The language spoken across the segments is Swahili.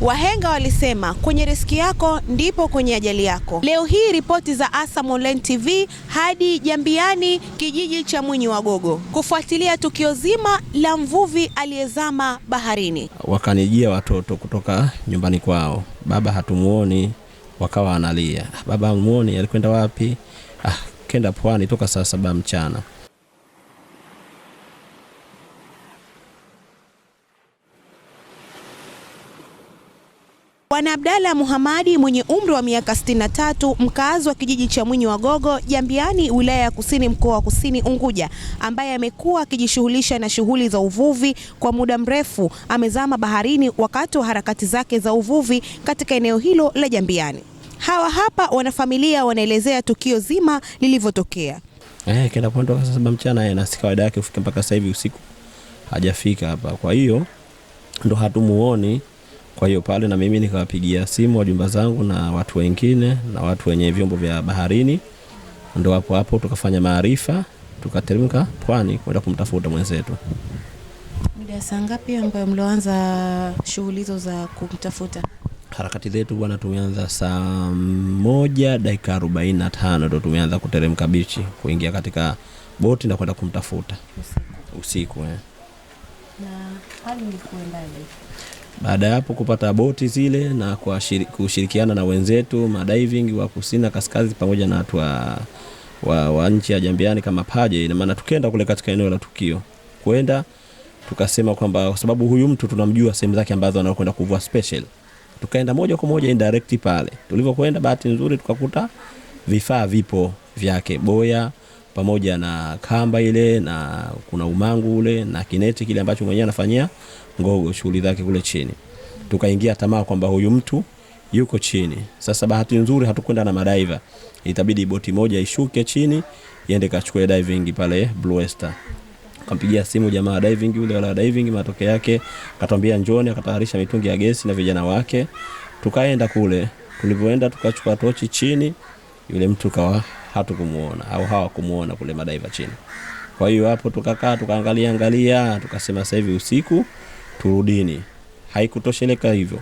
Wahenga walisema kwenye riski yako ndipo kwenye ajali yako. Leo hii ripoti za ASAM Online TV hadi Jambiani, kijiji cha Mwinyi Wagogo, kufuatilia tukio zima la mvuvi aliyezama baharini. Wakanijia watoto kutoka nyumbani kwao, baba hatumuoni, wakawa analia, baba hamuoni, alikwenda wapi? Ah, kenda pwani toka saa saba mchana. Bwana Abdalla Muhamadi mwenye umri wa miaka 63 mkazi wa kijiji cha Mwinyi wa gogo Jambiani, wilaya ya Kusini, mkoa wa Kusini Unguja, ambaye amekuwa akijishughulisha na shughuli za uvuvi kwa muda mrefu, amezama baharini wakati wa harakati zake za uvuvi katika eneo hilo la Jambiani. Hawa hapa wanafamilia wanaelezea tukio zima lilivyotokea. Eh, kenda kuondoka sasa saba mchana yeye eh, nasika wada yake kufika mpaka sasa hivi usiku hajafika hapa, kwa hiyo ndo hatumuoni kwa hiyo pale na mimi nikawapigia simu wajumba zangu na watu wengine na watu wenye vyombo vya baharini, ndo hapo hapo tukafanya maarifa, tukateremka pwani kwenda kumtafuta mwenzetu. Muda saa ngapi ambayo mlioanza shughuli hizo za kumtafuta? Harakati zetu bwana, tumeanza saa moja dakika arobaini na tano ndo tumeanza kuteremka bichi kuingia katika boti na kwenda kumtafuta usiku, usiku eh. Na hali ilikuwa baada ya hapo kupata boti zile na kushirikiana na wenzetu madiving wa kusini na kaskazini pamoja na watu wa, wa, wa nchi ya jambiani kama Paje, ina maana tukenda kule katika eneo la tukio kwenda tukasema kwamba kwa sababu huyu mtu tunamjua sehemu zake ambazo anakwenda kuvua special, tukaenda moja kwa moja indirect pale. Tulivyokwenda bahati nzuri tukakuta vifaa vipo vyake, boya pamoja na kamba ile na kuna umangu ule na kineti kile ambacho mwenyewe anafanyia ngogo shughuli zake kule chini. Tukaingia tamaa kwamba huyu mtu yuko chini. Sasa bahati nzuri hatukwenda na madaiva, itabidi boti moja ishuke chini iende kachukue diving pale Blue Oyster. Kampigia simu jamaa diving yule, wala diving, matokeo yake akatwambia njoni, akatayarisha mitungi ya gesi na vijana wake, tukaenda kule. Tulivyoenda tukachukua tochi chini, yule mtu kawa hatukumuona au hawakumuona kule madaiva chini. Kwa hiyo hapo tukakaa tukaangalia angalia, tukasema sasa hivi usiku turudini. Haikutosheleka hivyo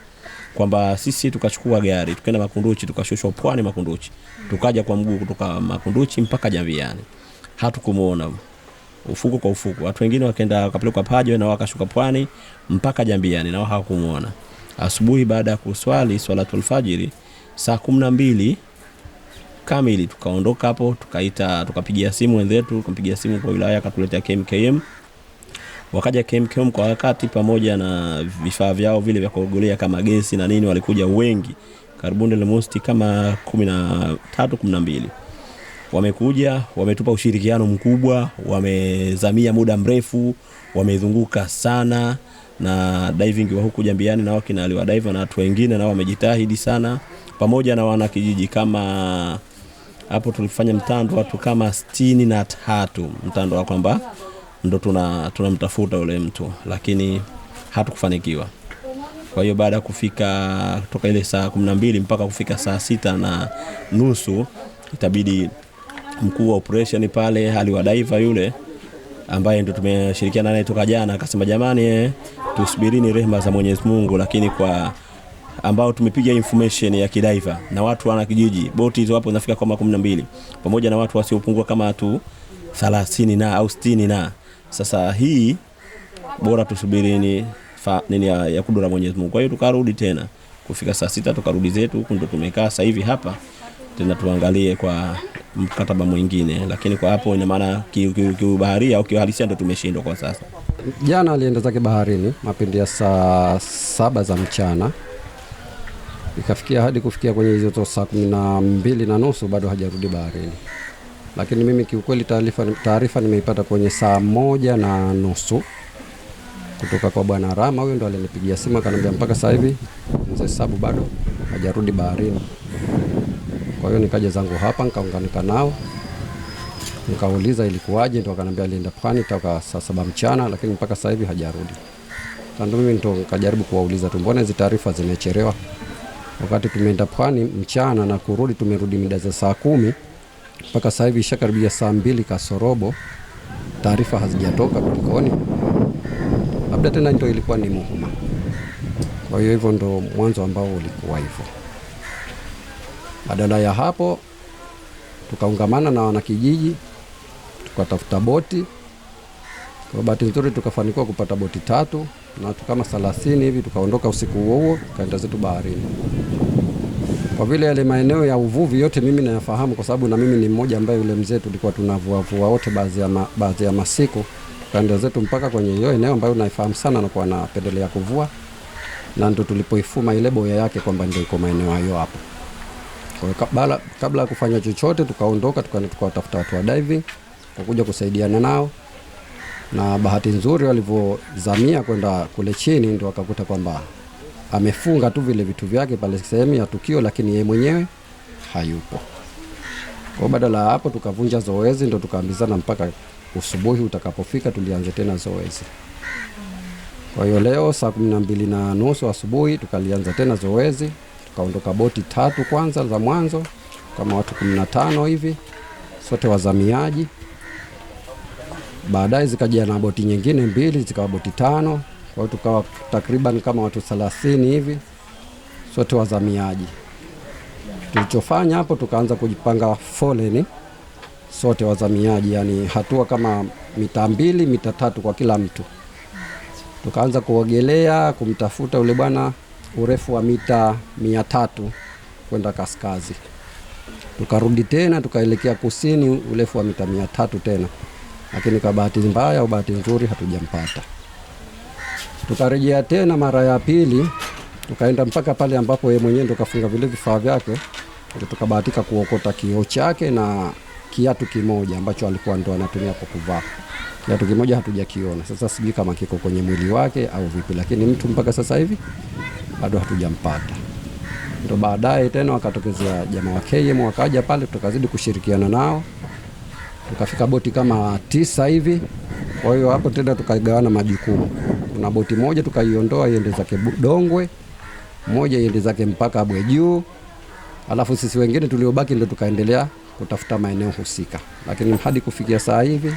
kwamba sisi tukachukua gari tukaenda Makunduchi, tukashushwa pwani Makunduchi, tukaja kwa mguu kutoka Makunduchi mpaka Jamviani, hatukumuona ufuku kwa ufuku. Watu wengine wakaenda wakapelekwa Paje na wakashuka pwani mpaka Jambiani nao hawakumuona. Asubuhi baada ya kuswali swala tulfajiri saa kumi na mbili kamili. Tukaondoka hapo tukaita, tukapigia simu wenzetu, tukampigia simu kwa wilaya, akatuletea KMKM. Wakaja KMKM kwa wakati, pamoja na vifaa vyao vile vya kuogolea kama gesi na nini. Walikuja wengi, karibu ndio almost kama 13 12 wamekuja wametupa ushirikiano mkubwa, wamezamia muda mrefu, wamezunguka sana na diving wa huku Jambiani na wakina aliwa dive na watu wengine nao wamejitahidi sana, pamoja na wanakijiji kama hapo tulifanya mtando watu kama sitini na tatu mtando wa kwamba ndo tunamtafuta tuna yule mtu lakini hatukufanikiwa. Kwa hiyo baada ya kufika toka ile saa kumi na mbili mpaka kufika saa sita na nusu itabidi mkuu wa operation pale aliwadaiva yule ambaye ndo tumeshirikiana naye toka jana, akasema jamani, eh, tusubirini rehema za Mwenyezi Mungu, lakini kwa ambao tumepiga information ya kidaiva na watu wana kijiji, boti hizo hapo zinafika kama 12 pamoja na watu wasiopungua kama watu 30 na au 60 na sasa hii bora tusubiri ni fa, nini ya, ya kudura Mwenyezi Mungu. Kwa hiyo tukarudi tena kufika saa sita tukarudi zetu huku, ndo tumekaa sasa hivi hapa tena tuangalie kwa mkataba mwingine, lakini kwa hapo ina maana kiubaharia au kiuhalisia ndo tumeshindwa kwa sasa. Jana alienda zake baharini mapindi ya saa saba za mchana ikafikia hadi kufikia kwenye hizo saa kumi na mbili na nusu bado hajarudi baharini, lakini mimi kiukweli taarifa taarifa nimeipata kwenye saa moja na nusu kutoka kwa Bwana Rama, huyo ndo alinipigia simu akaniambia mpaka sasa hivi mzee Sabu bado hajarudi baharini. Kwa hiyo nikaja zangu hapa nikaunganika nao nikauliza ilikuwaje, ndo akaniambia alienda pwani toka saa saba mchana, lakini mpaka sasa hivi hajarudi. Ndo mimi ndo nikajaribu kuwauliza tu, mbona hizi taarifa zimecherewa? wakati tumeenda pwani mchana na kurudi, tumerudi mida za saa kumi mpaka sasa hivi ishakaribia saa mbili kasorobo, taarifa hazijatoka kulikoni, labda tena ndio ilikuwa ni muhuma. Kwa hiyo hivyo ndo mwanzo ambao ulikuwa hivyo. Badala ya hapo, tukaungamana na wanakijiji, tukatafuta boti. Kwa bahati nzuri, tukafanikiwa kupata boti tatu na watu kama 30 hivi, tukaondoka usiku huo huo kaenda zetu baharini. Kwa vile yale maeneo ya uvuvi yote mimi nayafahamu, kwa sababu na mimi ni mmoja ambaye yule mzee tulikuwa tunavuavua wote baadhi ya, ma, baadhi ya masiku tukaenda zetu mpaka kwenye hiyo eneo ambayo naifahamu sana, na nakuwa napendelea kuvua, na ndo tulipoifuma ile boya yake kwamba ndio iko maeneo hayo hapo. Kabla kabla ya kufanya chochote, tukaondoka tukaenda tukawatafuta watu wa diving, kwa kuja kusaidiana nao na bahati nzuri walivyozamia kwenda kule chini ndio wakakuta kwamba amefunga tu vile vitu vyake pale sehemu ya tukio, lakini yeye mwenyewe hayupo. Kwa badala ya hapo, tukavunja zoezi, ndio tukaambizana mpaka usubuhi utakapofika tulianze tena zoezi. Kwa hiyo leo saa kumi na mbili na nusu asubuhi tukalianza tena zoezi, tukaondoka boti tatu kwanza za mwanzo kama watu 15 hivi, sote wazamiaji baadaye zikaja na boti nyingine mbili, zikawa boti tano. Kwa hiyo tukawa takriban kama watu thelathini hivi, sote wazamiaji. Tulichofanya hapo, tukaanza kujipanga foleni sote wazamiaji, yani hatua kama mita mbili mita tatu kwa kila mtu. Tukaanza kuogelea kumtafuta yule bwana, urefu wa mita mia tatu kwenda kaskazi, tukarudi tena tukaelekea kusini, urefu wa mita mia tatu tena lakini kwa bahati mbaya au bahati nzuri hatujampata. Tukarejea tena mara ya pili, tukaenda mpaka pale ambapo yeye mwenyewe ndo kafunga vile vifaa vyake, ndio tukabahatika kuokota kioo chake na kiatu kimoja ambacho alikuwa ndo anatumia kwa kuvaa. Kiatu kimoja hatujakiona, sasa sijui kama kiko kwenye mwili wake au vipi, lakini mtu mpaka sasa hivi bado hatujampata. Ndo baadaye tena wakatokezea jamaa wa KM wakaja pale, tukazidi kushirikiana nao tukafika boti kama tisa hivi. Kwa hiyo hapo tena tukagawana majukumu, kuna boti moja tukaiondoa iende zake Dongwe, moja iende zake mpaka Bwejuu, alafu sisi wengine tuliobaki ndio tukaendelea kutafuta maeneo husika, lakini hadi kufikia saa hivi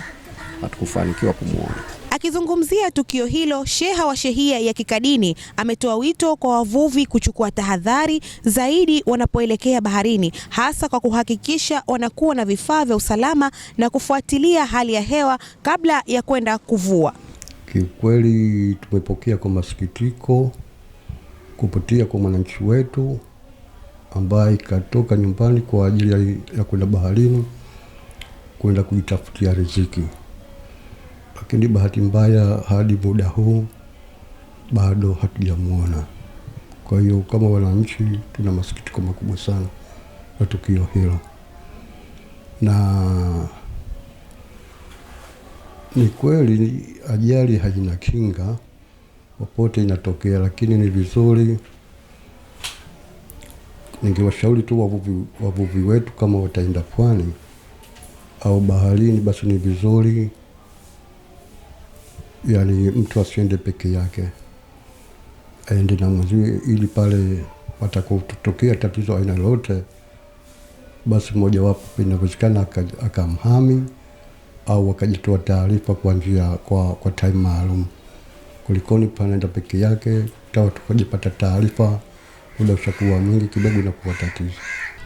hatukufanikiwa kumwona. Akizungumzia tukio hilo, sheha wa shehia ya Kikadini ametoa wito kwa wavuvi kuchukua tahadhari zaidi wanapoelekea baharini, hasa kwa kuhakikisha wanakuwa na vifaa vya usalama na kufuatilia hali ya hewa kabla ya kwenda kuvua. Kiukweli tumepokea kwa masikitiko kupotea kwa mwananchi wetu ambaye ikatoka nyumbani kwa ajili ya kwenda baharini kwenda kujitafutia riziki lakini bahati mbaya hadi muda huu bado hatujamwona. Kwa hiyo kama wananchi tuna masikitiko makubwa sana na tukio hilo, na ni kweli ajali haina kinga, popote inatokea, lakini ni vizuri ningewashauri tu wavuvi, wavuvi wetu kama wataenda pwani au baharini, basi ni vizuri yali mtu asiende peke yake, aende na mwenzie, ili pale watakutokea tatizo aina lolote, basi mmojawapo inawezekana akamhami au akajitoa taarifa kwa njia kwa, kwa time maalum, kulikoni panaenda peke yake ta tukajipata taarifa, muda ushakuwa mwingi kidogo, inakuwa tatizo.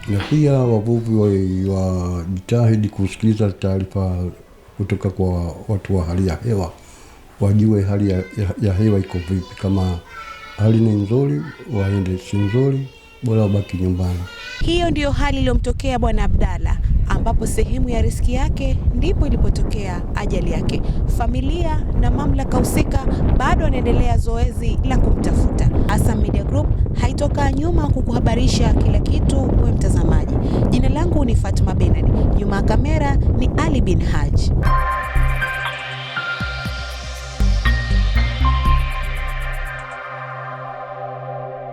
Na pia wavuvi wajitahidi kusikiliza taarifa kutoka kwa watu wa hali ya hewa wajue hali ya, ya, ya hewa iko vipi. Kama hali ni nzuri waende, si nzuri bora wabaki nyumbani. Hiyo ndiyo hali iliyomtokea Bwana Abdalla ambapo sehemu ya riski yake ndipo ilipotokea ajali yake. Familia na mamlaka husika bado wanaendelea zoezi la kumtafuta. Asam Media Group haitoka nyuma kukuhabarisha kila kitu, we mtazamaji. Jina langu ni Fatuma Benard, nyuma ya kamera ni Ali bin Haji.